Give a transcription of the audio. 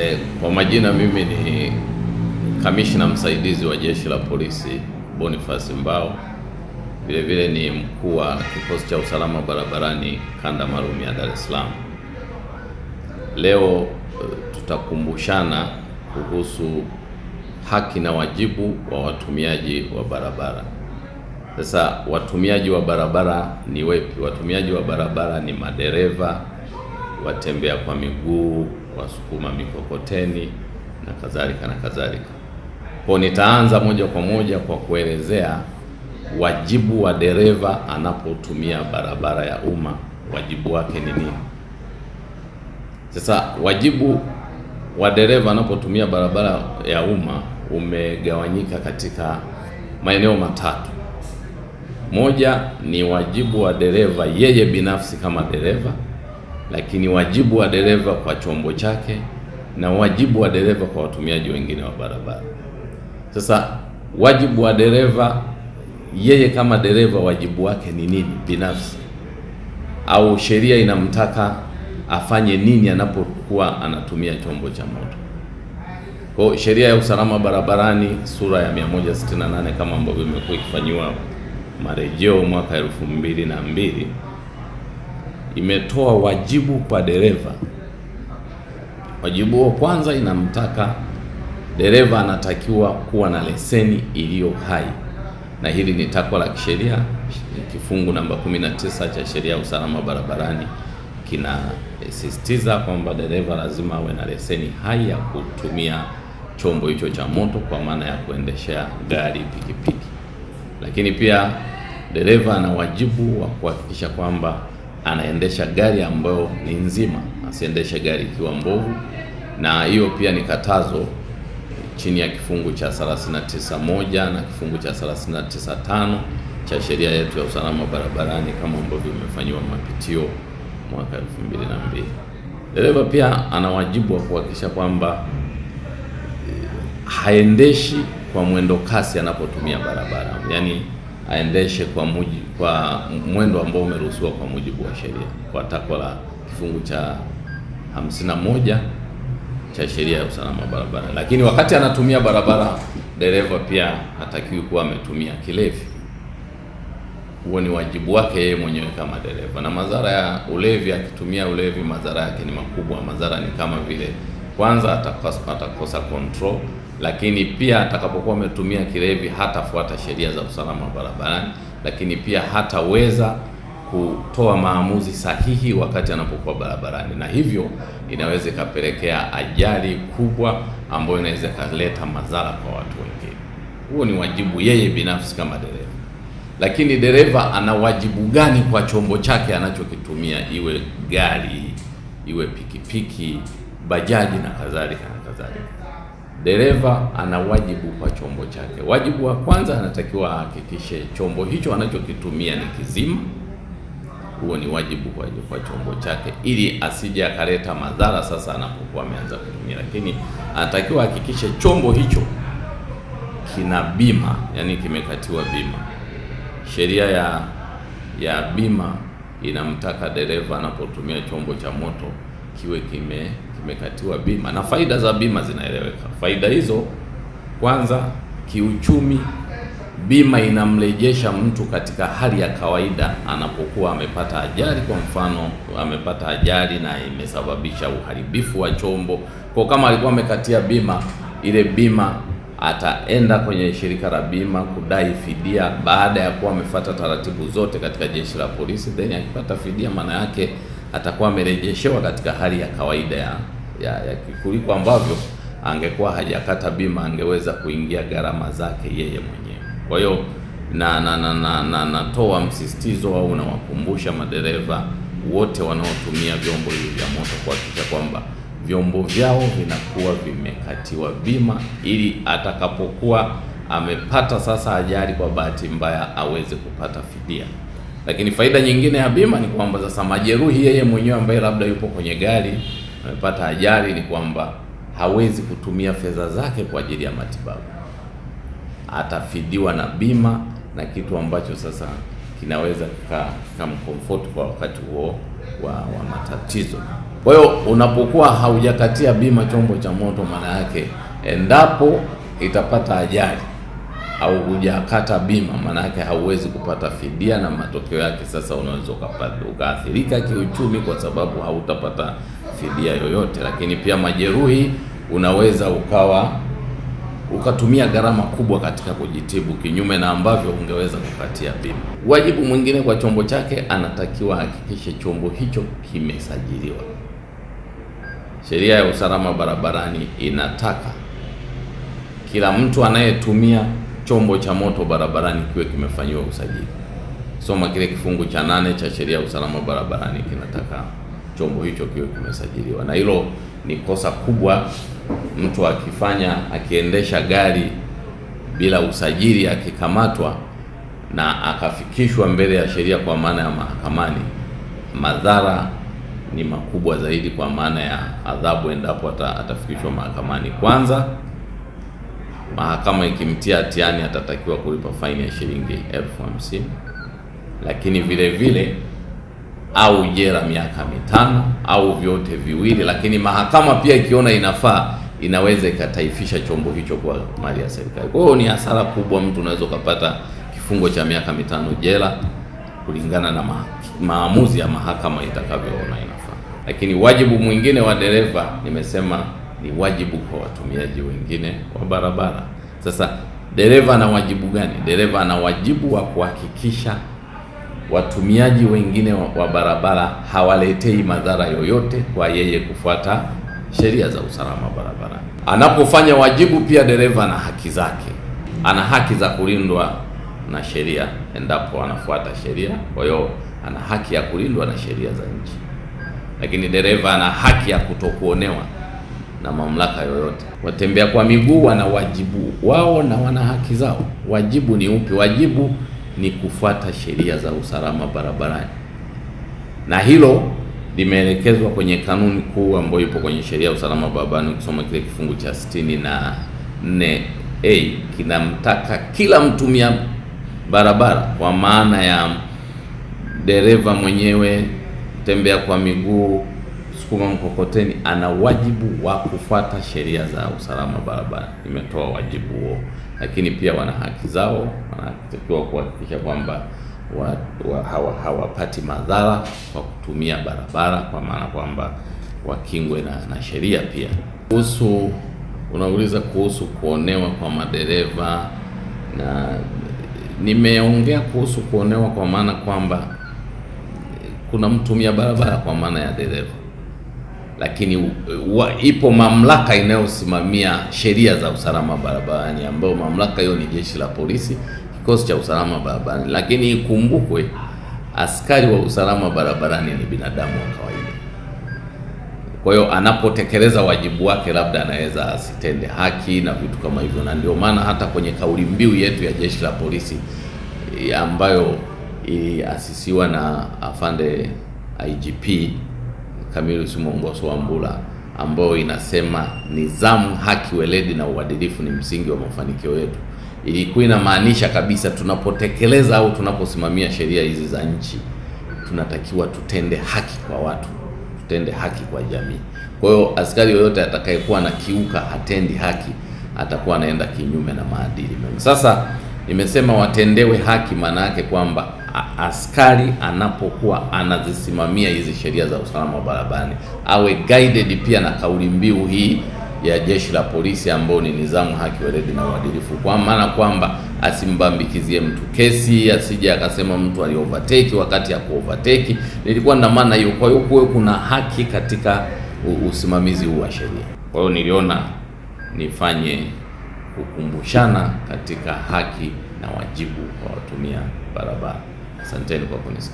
E, kwa majina mimi ni kamishna msaidizi wa Jeshi la Polisi Boniface Mbao, vile vile ni mkuu wa kikosi cha usalama barabarani kanda maalum ya Dar es Salaam. Leo eh, tutakumbushana kuhusu haki na wajibu wa watumiaji wa barabara. Sasa watumiaji wa barabara ni wepi? Watumiaji wa barabara ni madereva, watembea kwa miguu wasukuma mikokoteni na kadhalika na kadhalika. Kwa nitaanza moja kwa moja kwa kuelezea wajibu wa dereva anapotumia barabara ya umma, wajibu wake ni nini? Sasa wajibu wa dereva anapotumia barabara ya umma umegawanyika katika maeneo matatu. Moja ni wajibu wa dereva yeye binafsi kama dereva lakini wajibu wa dereva kwa chombo chake na wajibu wa dereva kwa watumiaji wengine wa barabara. Sasa wajibu wa dereva, yeye kama dereva, wajibu wake ni nini binafsi, au sheria inamtaka afanye nini anapokuwa anatumia chombo cha moto? Kwa sheria ya usalama barabarani sura ya 168 kama ambavyo imekuwa ikifanyiwa marejeo mwaka elfu mbili na mbili imetoa wajibu kwa dereva. Wajibu wa kwanza inamtaka dereva anatakiwa kuwa na leseni iliyo hai, na hili ni takwa la kisheria. Kifungu namba 19 cha sheria ya usalama barabarani kinasisitiza kwamba dereva lazima awe na leseni hai ya kutumia chombo hicho cha moto, kwa maana ya kuendeshea gari, pikipiki. Lakini pia dereva ana wajibu wa kuhakikisha kwamba anaendesha gari ambayo ni nzima, asiendeshe gari ikiwa mbovu, na hiyo pia ni katazo chini ya kifungu cha 39.1 na kifungu cha 39.5 cha sheria yetu ya usalama barabarani kama ambavyo imefanyiwa mapitio mwaka 2002. Dereva pia ana wajibu wa kuhakikisha kwamba eh, haendeshi kwa mwendo kasi anapotumia barabara, yaani aendeshe kwa muji, kwa mwendo ambao umeruhusiwa kwa mujibu wa sheria kwa takwa la kifungu cha 51 cha sheria ya usalama barabarani. Lakini wakati anatumia barabara, dereva pia hatakiwi kuwa ametumia kilevi. Huo ni wajibu wake yeye mwenyewe kama dereva, na madhara ya ulevi, akitumia ulevi, madhara yake ni makubwa. Madhara ni kama vile, kwanza atakosa atakosa control lakini pia atakapokuwa ametumia kilevi hatafuata sheria za usalama barabarani, lakini pia hataweza kutoa maamuzi sahihi wakati anapokuwa barabarani, na hivyo inaweza ikapelekea ajali kubwa ambayo inaweza ikaleta madhara kwa watu wengine. Huo ni wajibu yeye binafsi kama dereva, lakini dereva ana wajibu gani kwa chombo chake anachokitumia, iwe gari, iwe pikipiki, bajaji na kadhalika na kadhalika dereva ana wajibu kwa chombo chake. Wajibu wa kwanza, anatakiwa ahakikishe chombo hicho anachokitumia ni kizima. Huo ni wajibu kwa, kwa chombo chake, ili asije akaleta madhara sasa anapokuwa ameanza kutumia. Lakini anatakiwa ahakikishe chombo hicho kina bima, yani kimekatiwa bima. Sheria ya ya bima inamtaka dereva anapotumia chombo cha moto kiwe kime tumekatiwa bima, na faida za bima zinaeleweka. Faida hizo kwanza, kiuchumi, bima inamrejesha mtu katika hali ya kawaida anapokuwa amepata ajali. Kwa mfano, amepata ajali na imesababisha uharibifu wa chombo, kwa kama alikuwa amekatia bima, ile bima ataenda kwenye shirika la bima kudai fidia baada ya kuwa amefuata taratibu zote katika jeshi la polisi, then akipata fidia, maana yake atakuwa amerejeshewa katika hali ya kawaida ya, ya, ya kuliko ambavyo angekuwa hajakata bima angeweza kuingia gharama zake yeye mwenyewe. Kwa hiyo na na na na, na natoa msisitizo au nawakumbusha madereva wote wanaotumia vyombo hivi vya moto kuhakikisha kwamba vyombo vyao vinakuwa vimekatiwa bima ili atakapokuwa amepata sasa ajali kwa bahati mbaya aweze kupata fidia. Lakini faida nyingine ya bima ni kwamba sasa majeruhi, yeye mwenyewe ambaye labda yupo kwenye gari amepata ajali, ni kwamba hawezi kutumia fedha zake kwa ajili ya matibabu, atafidiwa na bima na kitu ambacho sasa kinaweza kikamkomfort kwa wakati huo wa, wa matatizo. Kwa hiyo unapokuwa haujakatia bima chombo cha moto, maana yake endapo itapata ajali hujakata bima, maana yake hauwezi kupata fidia, na matokeo yake sasa unaweza ukaathirika kiuchumi, kwa sababu hautapata fidia yoyote. Lakini pia majeruhi, unaweza ukawa ukatumia gharama kubwa katika kujitibu, kinyume na ambavyo ungeweza kukatia bima. Wajibu mwingine kwa chombo chake, anatakiwa hakikishe chombo hicho kimesajiliwa. Sheria ya usalama barabarani inataka kila mtu anayetumia chombo cha moto barabarani kiwe kimefanyiwa usajili. Soma kile kifungu cha nane cha sheria ya usalama barabarani kinataka chombo hicho kiwe kimesajiliwa, na hilo ni kosa kubwa. Mtu akifanya akiendesha gari bila usajili, akikamatwa na akafikishwa mbele ya sheria kwa maana ya mahakamani, madhara ni makubwa zaidi kwa maana ya adhabu endapo ata, atafikishwa mahakamani kwanza mahakama ikimtia hatiani atatakiwa kulipa faini ya shilingi elfu hamsini lakini vile vile au jela miaka mitano au vyote viwili. Lakini mahakama pia ikiona inafaa inaweza ikataifisha chombo hicho kwa mali ya serikali. Kwa hiyo ni hasara kubwa, mtu unaweza ukapata kifungo cha miaka mitano jela kulingana na ma maamuzi ya mahakama itakavyoona inafaa. Lakini wajibu mwingine wa dereva nimesema ni wajibu kwa watumiaji wengine wa barabara. Sasa dereva ana wajibu gani? Dereva ana wajibu wa kuhakikisha watumiaji wengine wa barabara hawaletei madhara yoyote kwa yeye kufuata sheria za usalama barabarani. Anapofanya wajibu, pia dereva ana haki zake, ana haki za kulindwa na sheria endapo anafuata sheria. Kwa hiyo ana haki ya kulindwa na sheria za nchi, lakini dereva ana haki ya kutokuonewa na mamlaka yoyote. Watembea kwa miguu wana wajibu wao na wana haki zao. Wajibu ni upi? Wajibu ni kufuata sheria za usalama barabarani, na hilo limeelekezwa kwenye kanuni kuu ambayo ipo kwenye sheria ya usalama barabarani. Ukisoma kile kifungu cha sitini na nne a kinamtaka kila mtumia barabara, kwa maana ya dereva mwenyewe, tembea kwa miguu sukuma mkokoteni ana wajibu wa kufuata sheria za usalama barabara. Imetoa wajibu huo, lakini pia wana haki zao, wanatakiwa kuhakikisha kwamba wa, wa, hawa, hawapati madhara kwa kutumia barabara, kwa maana kwamba wakingwe na, na sheria pia. Kuhusu unauliza kuhusu kuonewa kwa madereva, na nimeongea kuhusu kuonewa kwa maana kwamba kuna mtumia barabara kwa maana ya dereva lakini wa, ipo mamlaka inayosimamia sheria za usalama barabarani ambayo mamlaka hiyo ni jeshi la polisi, kikosi cha usalama barabarani. Lakini ikumbukwe, askari wa usalama barabarani ni binadamu wa kawaida. Kwa hiyo anapotekeleza wajibu wake, labda anaweza asitende haki na vitu kama hivyo, na ndio maana hata kwenye kauli mbiu yetu ya jeshi la polisi eh, ambayo iliasisiwa eh, na afande IGP Camillus wa mbula ambayo inasema nidhamu, haki, weledi na uadilifu ni msingi wa mafanikio yetu. Ilikuwa inamaanisha kabisa tunapotekeleza au tunaposimamia sheria hizi za nchi tunatakiwa tutende haki kwa watu, tutende haki kwa jamii. Kwa hiyo askari yoyote atakayekuwa na kiuka hatendi haki atakuwa anaenda kinyume na maadili mema. Sasa nimesema watendewe haki, maana yake kwamba askari anapokuwa anazisimamia hizi sheria za usalama wa barabarani awe guided pia na kauli mbiu hii ya jeshi la polisi ambayo ni nidhamu, haki, weledi na uadilifu, kwa maana kwamba asimbambikizie mtu kesi, asije akasema mtu ali overtake wakati ya ku overtake. Nilikuwa na maana hiyo. Kwa hiyo kuwe kuna haki katika usimamizi huu wa sheria. Kwa hiyo niliona nifanye kukumbushana katika haki na wajibu wa watumia barabara. సంచయన పాపనిస్